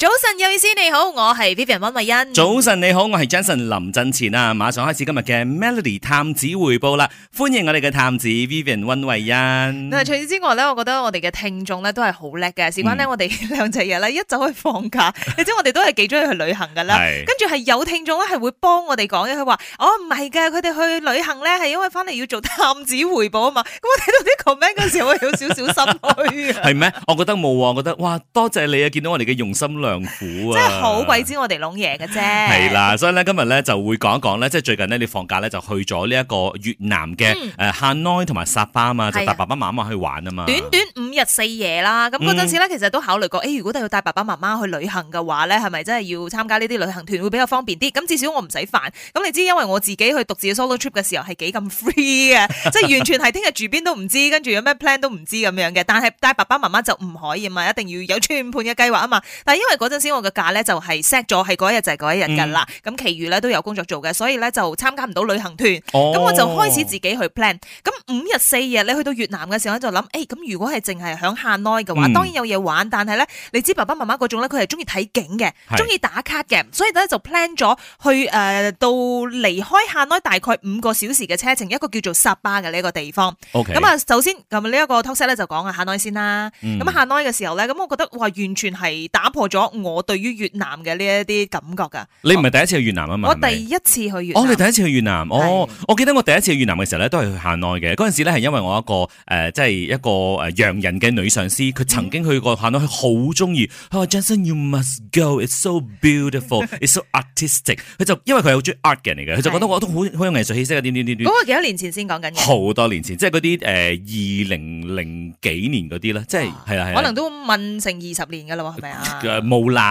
早晨，有意思你好，我係 Vivian 溫慧欣。早晨你好，我係 Johnson 林振前啊！馬上開始今日嘅 Melody 探子回報啦，歡迎我哋嘅探子 Vivian 溫慧欣。除此之外咧，我覺得我哋嘅聽眾咧都係好叻嘅。事關呢，我哋兩隻嘢咧一走去放假，嗯、你知道我哋都係幾中意去旅行噶啦。跟住係有聽眾咧係會幫我哋講嘢，佢話哦，唔係嘅，佢哋去旅行咧係因為翻嚟要做探子回報啊嘛。咁 我睇到啲 comment 嘅時候會，我有少少心虛啊，係咩？我覺得冇，我覺得哇，多謝你啊！見到我哋嘅用心量。 真係好鬼知我哋攞嘢嘅啫，係啦，所以咧今日咧就會講一講咧，即最近呢，你放假咧就去咗呢一個越南嘅誒河內同埋沙壩啊嘛，就帶爸爸媽媽去玩啊嘛，短短五日四夜啦，咁嗰陣時咧其實都考慮過，誒、嗯、如果都要帶爸爸媽媽去旅行嘅話咧，係咪真係要參加呢啲旅行團會比較方便啲？咁至少我唔使煩。咁你知因為我自己去獨自嘅 solo trip 嘅時候係幾咁 free 嘅，即 完全係聽日住邊都唔知，跟住有咩 plan 都唔知咁樣嘅。但係帶爸爸媽媽就唔可以啊嘛，一定要有全盤嘅計劃啊嘛。但係因為嗰陣時，我嘅假咧就係 set 咗，係嗰一日就係嗰一日噶啦。咁，其餘咧都有工作做嘅，所以咧就參加唔到旅行團。咁、哦、我就開始自己去 plan。咁五日四夜，你去到越南嘅時候咧，就諗，誒、欸、咁如果係淨係響河內嘅話，嗯、當然有嘢玩，但係咧，你知爸爸媽媽嗰種咧，佢係中意睇景嘅，中意打卡嘅，所以咧就 plan 咗去到、呃、離開河內大概五個小時嘅車程，一個叫做沙壩嘅呢一個地方。咁、okay、啊，首先咁呢一個 topic 咧就講下河內先啦。咁河內嘅時候咧，咁我覺得哇，完全係打破咗。我對於越南嘅呢一啲感覺噶，你唔係第一次去越南啊嘛？我第一次去越南，我、哦、哋第一次去越南，哦、oh，我記得我第一次去越南嘅時候咧，都係去河內嘅嗰陣時咧，係因為我一個誒、呃，即係一個誒洋人嘅女上司，佢曾經去過河內，佢好中意，佢話 Johnson, you must go，it's so beautiful，it's so artistic。 佢就因為佢好中意 art 嘅嚟嘅，佢就覺得我都好，好有藝術氣息啊！點點點點，嗰個幾多年前先，講緊好多年前，即係嗰啲誒二零零幾年嗰啲咧，即係係可能都問成二十年噶啦，係咪啊？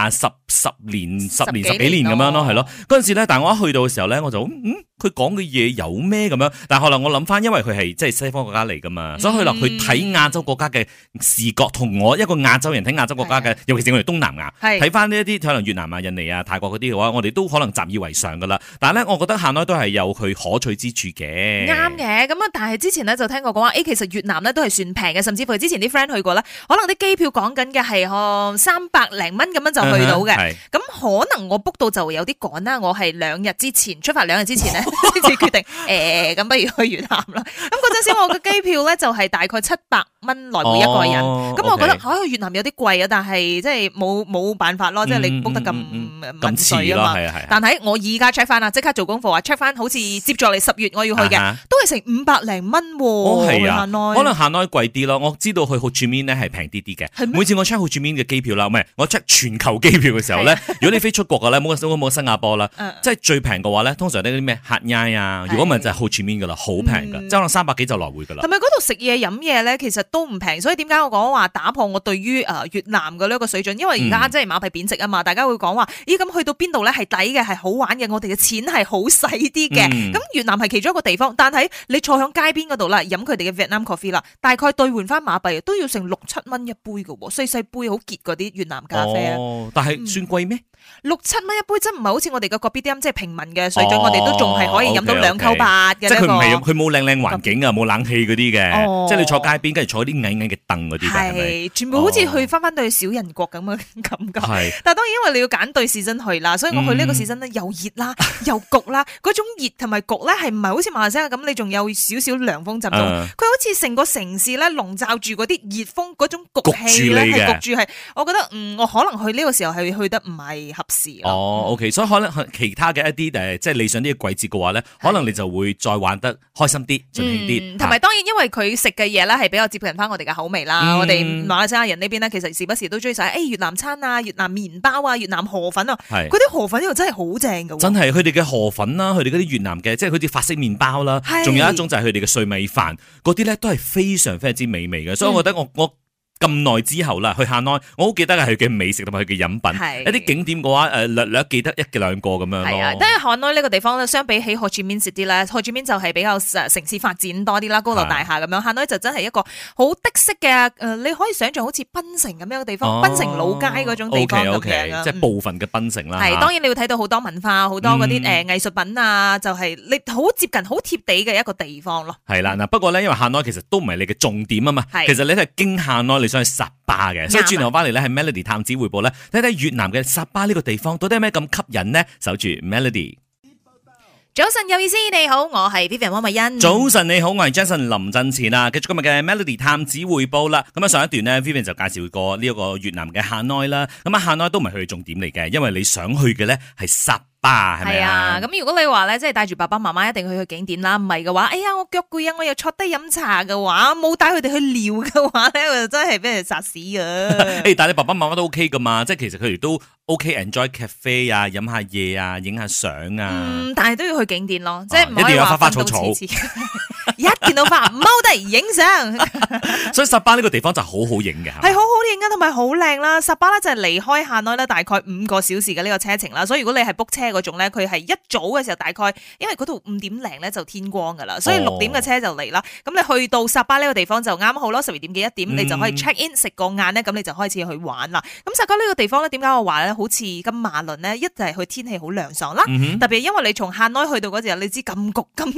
十十年、十年十幾年咁、喔、樣咯，係咯。嗰陣時咧，但我一去到嘅時候咧，我就嗯，佢講嘅嘢有咩咁樣？但後來我諗翻，因為佢係即係西方國家嚟噶嘛，嗯、所以去落去睇亞洲國家嘅視角，同我一個亞洲人睇亞洲國家嘅，尤其是我哋東南亞，睇翻呢一啲可能越南啊、印尼啊、泰國嗰啲嘅話，我哋都可能習以為常噶啦。但係咧，我覺得行開都係有佢可取之處嘅。啱嘅，咁啊，但係之前咧就聽過講話，誒，其實越南咧都係算平嘅，甚至乎之前啲 friend 去過啦，可能啲機票講緊嘅係三百零蚊。咁樣就去到嘅，咁、uh-huh, 嗯、可能我 book 到就會有啲趕啦。我係兩日之前出發，兩日之前咧先至決定。誒、 欸，咁不如去越南啦。咁嗰陣時我嘅機票咧就係大概七百蚊來回一個人。咁、uh-huh, 嗯 okay、我覺得，去、哎、越南有啲貴啊，但係即係冇冇辦法咯，即係你 book 得咁敏碎啊嘛。但係我而家 check 翻啦，即刻做功課啊，check 翻好似接在嚟十月我要去嘅，uh-huh. 都係成五百零蚊。哦係啊，可能行內貴啲咯。我知道去 Ho Chi Minh 咧係平啲啲嘅。係咩？每次我 check Ho Chi Minh 嘅機票啦，唔係我 check，全球機票嘅時候咧， 如果你飛出國嘅咧，冇講冇新加坡啦，呃、即係最平嘅話咧，通常呢啲咩客椰啊，呃、如果唔係就係好全面㗎啦，好平嘅，嗯、即係三百幾就來回嘅啦。係咪嗰度食嘢飲嘢咧？其實都唔平，所以點解我講話打破我對於誒越南嘅呢一個水準？因為而家即係馬幣貶值啊嘛，嗯、大家會講話咦咁去到邊度咧係抵嘅係好玩嘅，我哋嘅錢係好使啲嘅。咁、嗯嗯、越南係其中一個地方，但係你坐響街邊嗰度啦，飲佢哋嘅 Vietnam coffee 啦，大概兌換返馬幣都要成六七蚊一杯嘅喎，細細杯好結嗰啲越南咖啡、哦。哦，但係算貴咩？嗯六七蚊一杯真唔係好似我哋個 BDM 啲咁，即係平民嘅水準。哦，我哋都仲係可以飲到兩溝八嘅，即係佢唔係，佢冇靚靚環境啊，冇冷氣嗰啲嘅。即係，哦哦，你坐街邊，跟住坐啲矮矮嘅凳嗰啲。全部好似去翻翻對小人國咁嘅感覺。但係當然因為你要揀對市鎮去啦，所以我去呢個市鎮咧又熱啦，嗯，又焗啦。嗰 種熱同埋焗咧係唔係好似馬來西亞咁？你仲有少少涼風集中，佢，嗯，好似成個城市咧籠罩住嗰啲熱風嗰種焗氣咧係焗住係。我覺得，嗯，我可能去呢個時候係去得唔係。合適哦、嗯、，OK，所以可能其他嘅一啲誒，即、就、係、是、理想啲嘅季節嘅話咧，可能你就會再玩得開心啲，盡興啲，同、嗯、埋當然因為佢食嘅嘢咧係比較接近翻我哋嘅口味啦、嗯。我哋馬來西亞人呢邊咧，其實時不時都中意食誒越南餐啊、越南麵包啊、越南河粉啊，係嗰啲河粉又真係好正噶。真係，佢哋嘅河粉啦、啊，佢哋嗰啲越南嘅，即係好似法式麵包啦、啊，仲有一種就係佢哋嘅碎米飯，嗰啲咧都係非常非常之美味嘅，所以我覺得我我。嗯咁耐之後啦，去河內，我好記得係佢嘅美食同埋佢嘅飲品，一啲景點嘅話，誒略略記得一嘅兩個咁樣咯。係啊，因為河內呢個地方相比起胡志明邊食啲咧，胡志明邊就係比較城市發展多啲啦，高樓大廈咁樣。河內、啊、就真係一個好特色嘅你可以想象好似檳城咁樣嘅地方，檳、哦、城老街嗰種地方即、哦、係、okay, okay, okay，嗯就係、部分嘅檳城啦。係、嗯、當然你會睇到好多文化，好多嗰啲誒藝術品啊，就係、是、你好接近好貼地嘅一個地方咯。係啦、啊，嗱不過呢，因為河內其實都唔係你嘅重點啊嘛，其實你係經河內想去沙壩嘅，所以轉頭翻嚟咧係 Melody 探子匯報咧，睇睇越南嘅沙壩呢個地方到底有咩咁吸引呢？守住 Melody，早晨有意思，你好，我係 Vivian 汪慧欣。早晨你好，我係 Jason 林振前啊。繼續今日嘅 Melody 探子匯報啦。咁啊上一段呢 Vivian 就介紹過呢一個越南嘅河內啦。咁啊河內都唔係去重點嚟嘅，因為你想去嘅咧係沙。係啊，咁、啊、如果你話咧，即係帶住爸爸媽媽一定去去景點啦，唔係嘅話，哎呀我腳攰啊，我又坐低飲茶嘅話，冇帶佢哋去聊嘅話咧，我就真係俾人殺屎嘅。誒，但你爸爸媽媽都 OK 噶嘛，即係其實佢哋都 OK enjoy cafe 啊，飲下嘢啊，影下相啊。嗯，但係都要去景點咯，即係唔可以話花花草草。 一見到花，踎低影相。 所以沙 壩呢個地方就好好影嘅，係好好影啊，同埋好靚啦。沙壩咧就係離開河內咧，大概五個小時嘅呢個車程啦。所以如果你係 book 車嗰種咧，佢係一早嘅時候，大概因為嗰度五點零咧就天光㗎啦，所以六點嘅車就嚟啦。咁、哦、你去到沙壩呢個地方就啱好咯，十二點幾一點、嗯、你就可以 check in 食個晏咧，咁你就開始去玩啦。咁沙壩呢個地方咧，點解我話咧好似金馬崙咧？一就係佢天氣好涼爽啦、嗯，特別因為你從河內去到嗰陣，你知咁焗咁熱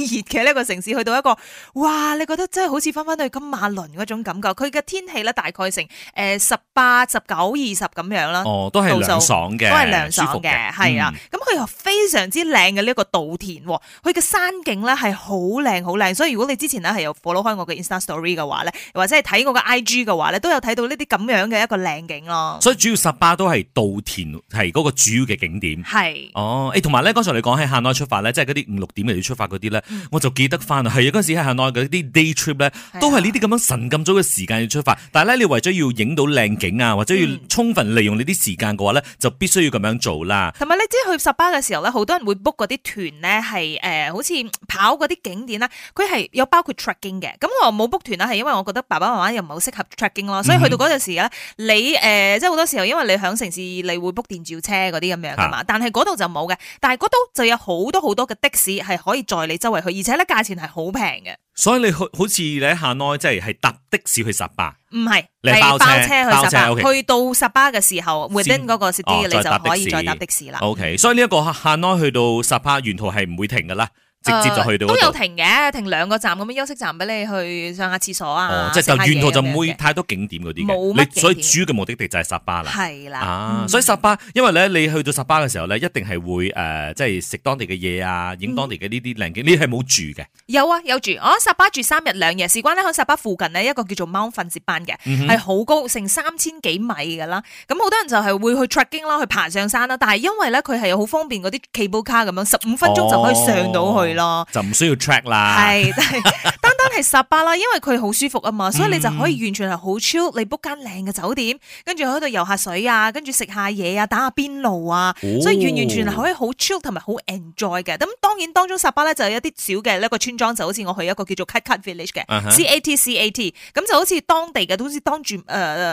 嘅呢個城市，去到一個。哇！你覺得真係好似翻翻去金馬倫嗰種感覺，佢嘅天氣咧大概成誒十八、十九、二十咁樣啦。哦，都係涼爽嘅，都係涼爽嘅，係啊。咁佢又非常之靚嘅呢個稻田，佢嘅山景咧係好靚好靚。所以如果你之前呢係有 follow 開我嘅 insta story 嘅話咧，或者係睇我嘅 I G 嘅話咧，都有睇到呢啲咁樣嘅一個靚景咯。所以主要 Sapa 都係稻田係嗰個主要嘅景點。係哦，誒、哎，同埋咧剛才你講喺 Hanoi 出發咧，即係嗰啲五六點又要出發嗰啲咧，我就記得翻係嗰時。行內嗰啲 day trip 咧，都係呢啲咁樣神咁早嘅時間要出發。但係咧，你為咗要影到靚景啊，或者要充分利用呢啲時間嘅話咧，就必須要咁樣做啦。同埋你知去沙壩嘅時候咧，好多人會 book 嗰啲團咧，係、呃、誒好似跑嗰啲景點啦。佢係有包括 trekking 嘅。咁我冇 book 團啦，係因為我覺得爸爸媽媽又唔係好適合 trekking 咯。所以去到嗰陣時咧、嗯，你誒、呃、即係好多時候，因為你喺城市，你會 book 電召車嗰啲咁樣嘅嘛。但係嗰度就冇嘅，但係嗰度就有好多好多嘅的，的士係可以載你周圍去，而且咧價錢係好平嘅。所以你好，好似你喺河內即係係搭的士去沙壩，唔係你包車，包車去沙壩，okay，去到沙壩嘅時候，within 嗰個 city 你就可以再搭的士啦。OK，所以呢一個河內去到沙壩，沿途係唔會停噶啦。直接就去到嗰度都有停嘅，停兩個站咁樣，休息站俾你去上下廁所啊，即係就沿途就唔會太多景點嗰啲嘅，冇乜景點。所以主要嘅目的地就係沙壩啦，係啦，啊，所以沙壩，因為咧你去到沙壩嘅時候咧，一定係會誒，即係食當地嘅嘢啊，影當地嘅呢啲靚景，你係冇住嘅？有啊，有住，我喺沙壩住三日兩夜。事關咧喺沙壩附近咧一個叫做 Mount Fansipan 嘅，係好高，成三千幾米噶啦。咁好多人就係會去 trekking 啦，去爬上山啦。但係因為咧佢係好方便嗰啲 cable car 咁樣，十五分鐘就可以上到去。就唔需要 track 啦，係。真係沙壩啦，因為佢好舒服啊嘛，所以你就可以完全係好 chill，你 book 間靚嘅酒店，跟住喺度游下水啊，跟住食下嘢啊，打下邊爐啊，所以完完全係可以好 chill 同埋好 enjoy 嘅。咁當然當中沙壩咧就有一啲小嘅一個村莊，就好似我去一個叫做 Cat Village 嘅 C A T C A T，咁就好似當地嘅，好似當住誒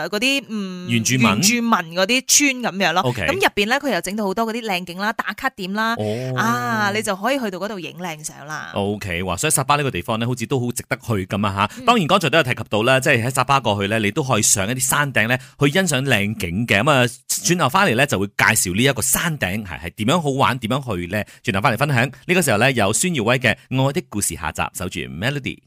嗰啲原住民原住民嗰啲村咁樣咯。咁入邊咧佢又整到好多嗰啲靚景啦、打卡點啦，oh. 啊你就可以去到嗰度影靚相啦。OK，哇！所以沙壩呢個地方咧，好似都好。值得去咁啊吓！當然剛才都有提及到啦，即係喺沙壩過去咧，你都可以上一啲山頂咧，去欣賞靚景嘅。咁啊，轉頭翻嚟咧就會介紹呢一個山頂係係點樣好玩，點樣去咧？轉頭翻嚟分享呢個時候咧，有孫耀威嘅《愛的故事》下集，守住 Melody。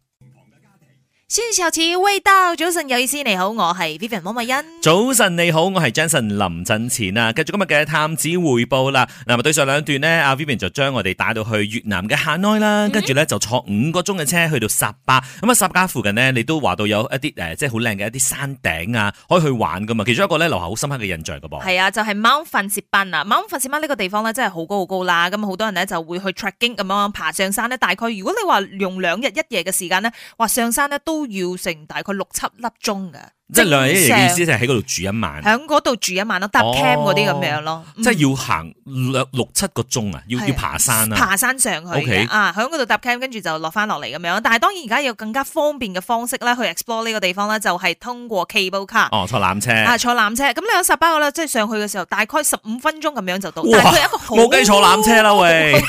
先食次味道，早晨有意思，你好，我係 Vivian 摩摩欣。早晨你好，我係 Jason 林振前啊！繼續今日嘅探子回報啦。嗱、啊，對上兩段呢，阿、啊、Vivian 就將我哋帶到去越南嘅河內啦，跟住咧就坐五個鐘嘅車去到沙壩。咁、嗯、啊沙壩附近呢，你都話到有一啲誒、呃，即係好靚嘅一啲山頂啊，可以去玩噶嘛。其中一個咧留下好深刻嘅印象噶噃。係啊，就係貓瞓石班啊！貓瞓石班呢個地方咧，真係好高好高啦。咁、嗯、好多人咧就會去 trekking 咁樣爬上山咧。大概如果你話用兩日一夜嘅時間咧，話上山咧都。都要成大概六七粒鐘嘅，即係梁姐嘅意思就係喺嗰度住一晚，喺嗰度住一晚咯，搭 cam 嗰啲咁樣咯，即係要行六六七個鐘啊，要要爬山啦，啊，爬山上去，okay，啊，喺嗰度搭 cam，跟住就落翻落嚟咁樣。但係當然而家有更加方便嘅方式咧，去 explore 呢個地方咧，就係通過 cable car 哦，坐纜車啊，坐纜車。咁你喺十八號咧，即係上去嘅時候，大概十五分鐘咁樣就到，但係佢一個好冇雞坐纜車啦喂。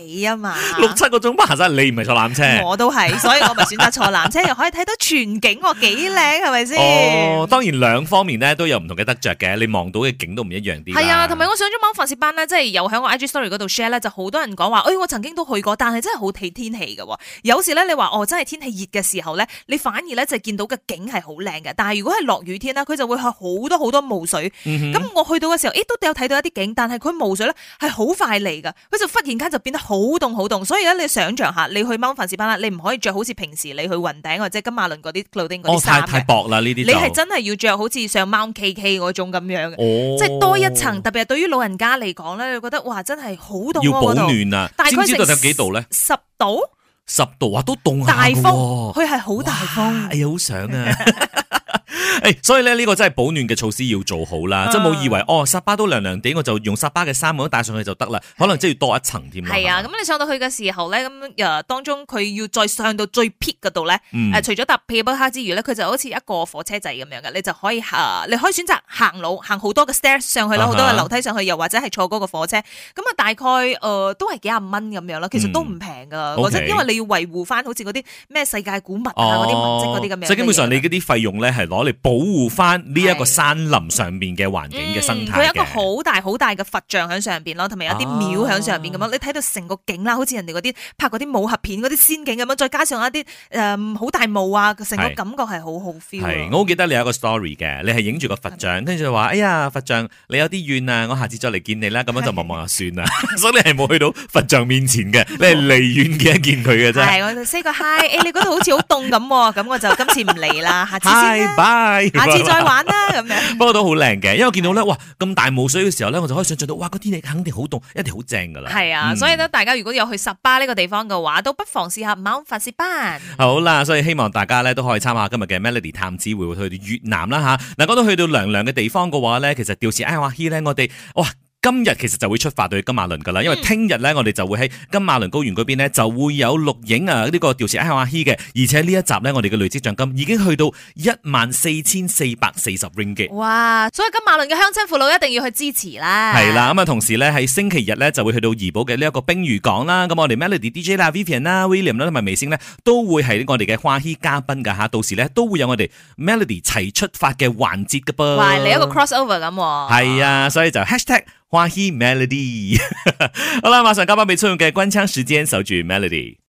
你啊嘛，六七個鐘行山，你唔係坐纜車， 我都係，所以我咪選擇坐纜車， 又可以睇到全景，幾靚係咪先？哦，當然兩方面咧都有唔同嘅得着嘅，你望到嘅景都唔一樣啲。係啊，同埋我上咗班發泄班咧，即係又喺我 IG story 嗰度 share 咧，就好多人講話，誒、哎、我曾經都去過，但係真係好睇天氣嘅、哦。有時咧你話哦，真係天氣熱嘅時候咧，你反而咧就見到嘅景係好靚嘅，但係如果係落雨天啦，佢就會係好多好多霧水。嗯哼咁我去到嘅時候，誒、哎、都有睇到一啲景，但係佢霧水咧係好快嚟嘅，佢就忽然間就變得。好凍好凍，所以咧你想象下，你去貓糞士班啦，你唔可以着好似平時你去雲頂或者金馬倫嗰啲露丁嗰啲太薄啦呢啲。你係真係要着好似上貓 K K 嗰種咁樣嘅，即係多一層。特別係對於老人家嚟講咧，你覺得哇，真係好凍。要保暖啊！大概佢知道有幾度咧？十度，十度啊，都凍啊、哦！大風，佢係好大風。哎呀，好想啊！ 所以咧呢個真係保暖嘅措施要做好啦，即係冇以為哦，沙壩都涼涼啲，我就用沙壩嘅衫帽都帶上去就得啦。可能即係要多一層添。係啊，咁你上到去嘅時候咧，咁當中佢要再上到最 peak 嗰度咧，除咗搭皮包車之餘呢，佢就好似一個火車仔咁樣嘅，你就可以行，你可以選擇行路，行好多個 stairs 上去啦，好、啊、多嘅樓梯上去，又或者係坐嗰個火車。咁啊大概、呃、都係幾廿蚊咁樣啦，其實都唔平噶，或、嗯、者、okay、因為你要維護翻好似嗰啲咩世界古物啊嗰啲、啊、文物嗰啲咁樣。所以基本上你嗰啲費用咧係攞嚟保。保護翻呢一個山林上邊嘅環境嘅生態。佢、嗯、有一個好大好大嘅佛像喺上邊咯，同埋有啲廟喺上邊咁樣。你睇到成個景啦，好似人哋嗰啲拍嗰啲武俠片嗰啲仙境咁樣，再加上一啲誒好大霧啊，成個感覺係好好 feel。我好記得你有一個 story 嘅，你係影住個佛像，跟住就話，哎呀，佛像，你有啲怨啊，我下次再嚟見你啦，咁樣就望望就算啦。是 所以你係冇去到佛像面前嘅，你係離遠見一見佢嘅啫。係、哦，我 say 個 hi 誒，你嗰度好似好凍咁，咁 我就今次唔嚟啦，下次先啦。Hi, bye。下次再玩啦，咁樣。不過都好靚嘅，因為我見到咧，哇，咁大霧水嘅時候咧，我就可以想象到，哇，個天氣肯定好凍，一定好正噶啦。係啊、嗯，所以咧，大家如果有去沙壩呢個地方嘅話，都不妨試下猛法師班。好啦，所以希望大家咧都可以參加今日嘅 Melody 探子會，會去到越南啦吓。嗱、啊，講到去到涼涼嘅地方嘅話咧，其實吊絲挨瓦希咧，我哋哇～今日其實就會出發對金馬倫噶啦，因為聽日咧我哋就會喺金馬倫高原嗰邊咧就會有錄影啊呢、這個調攝阿阿希嘅，而且呢一集咧我哋嘅累積獎金已經去到一萬四千四百四十 ringgit 嘅哇！所以金馬倫嘅鄉親父老一定要去支持啦。係啦，咁、嗯、啊同時咧喺星期日咧就會去到怡保嘅呢一個兵如港啦，咁我哋 Melody DJ 啦、Vivian 啦、William 啦同埋微星咧都會係我哋嘅花希嘉賓噶吓，到時咧都會有我哋 Melody 齊出發嘅環節噶噃。哇！你一個 cross over 咁、啊。係啊，所以就 hashtag。花希 Melody， 好啦，馬上交棒俾錯用嘅關槍時間，手舉 Melody。